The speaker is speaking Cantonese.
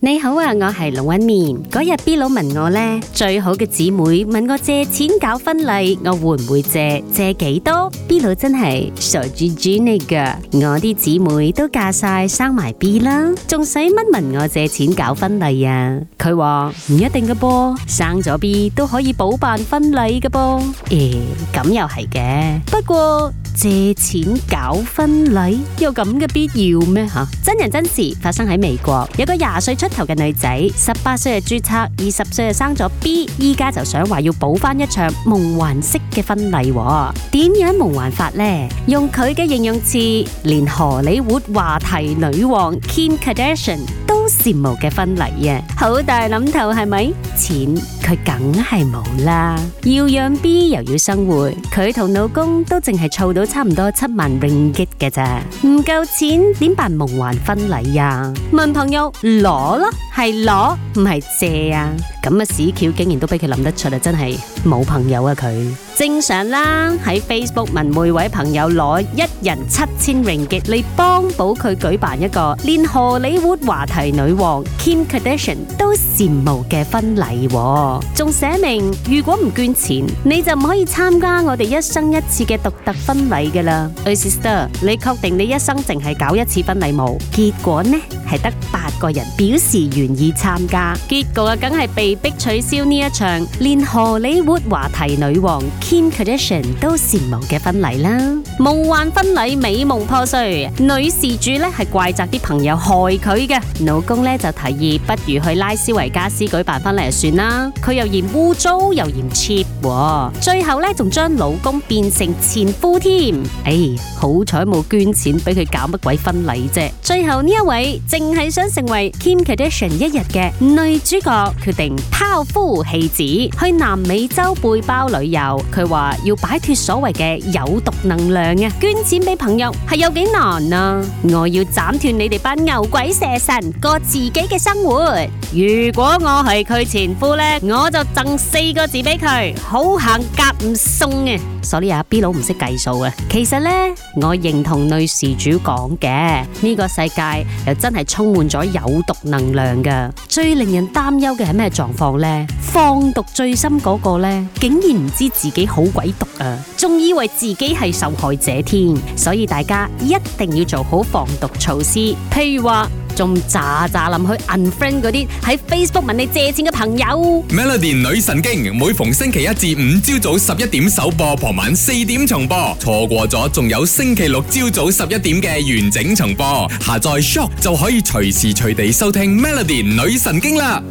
你好啊，我係龍紋敏。嗰日 B 佬問我呢：「最好嘅姊妹問我借錢搞婚禮，我會唔會借？借幾多？」B 佬真係傻豬豬嚟㗎，我啲姊妹都嫁晒，生埋 B 啦，仲使乜問我借錢搞婚禮啊？佢話唔一定嘅噃，生咗 B 都可以補辦婚禮嘅噃。誒，咁又係嘅，不過。借錢搞婚禮有咁嘅必要咩？吓？真人真事發生喺美國，有個廿歲出頭嘅女仔，十八歲就注冊，二十歲就生咗 B，依家就想話要補返一場夢幻式嘅婚禮。點樣夢幻法呢？用佢嘅形容詞，連荷里活話題女王 Kim Kardashian 都羨慕嘅婚禮啊！好大諗頭係咪？錢。佢梗係冇啦，要養 B 又要生活，佢同老公都淨係湊到差唔多七萬 ringgit 嘅咋，唔夠錢點辦夢幻婚禮呀？問朋友攞咯，係攞，唔係借啊？咁啊屎橋竟然都俾佢諗得出啊！真係冇朋友啊佢，正常啦，喺 Facebook 問每位朋友攞一人七千 ringgit，嚟幫補佢舉辦一個連荷里活話題女王 Kim Kardashian 都羨慕嘅婚禮。仲寫明，如果唔捐錢，你就唔可以參加我哋一生一次嘅獨特婚禮㗎喇。我、oh、sister，你確定你一生淨係搞一次婚禮冇？結果呢？係得八個人表示願意參加，結果啊，梗係被迫取消呢一場，連荷里活話題女王 Kim Kardashian 都羨慕嘅婚禮啦！夢幻婚禮美夢破碎，女事主咧係怪責啲朋友害佢嘅，老公咧就提議不如去拉斯維加斯舉辦婚禮算啦，佢又嫌污糟又嫌 cheap。最後咧，仲將老公變成前夫添。哎，好彩冇捐錢俾佢搞乜鬼婚禮啫。最後呢一位，淨係想成為 Kim Kardashian 一日嘅女主角，決定拋夫棄子去南美洲背包旅遊。佢話要擺脱所謂嘅有毒能量啊！捐錢俾朋友係有幾難啊？我要斬斷你哋班牛鬼蛇神，過自己嘅生活。如果我係佢前夫呢，我就贈四個字俾佢。好行夾唔送嘅，所以阿 B 佬唔識計數啊。其實呢，我認同女事主講嘅，呢個世界又真係充滿咗有毒能量噶。最令人擔憂嘅係咩狀況呢？放毒最深嗰個呢，竟然唔知自己好鬼毒啊，仲以為自己係受害者添。所以大家一定要做好防毒措施，譬如話。仲咋咋諗去 unfriend 嗰啲喺 Facebook 問你借錢嘅朋友？Melody 女神經每逢星期一至五朝早十一點首播，傍晚四點重播，錯過咗仲有星期六朝早十一點嘅完整重播。下載 Shopee 就可以隨時隨地收聽 Melody 女神經啦。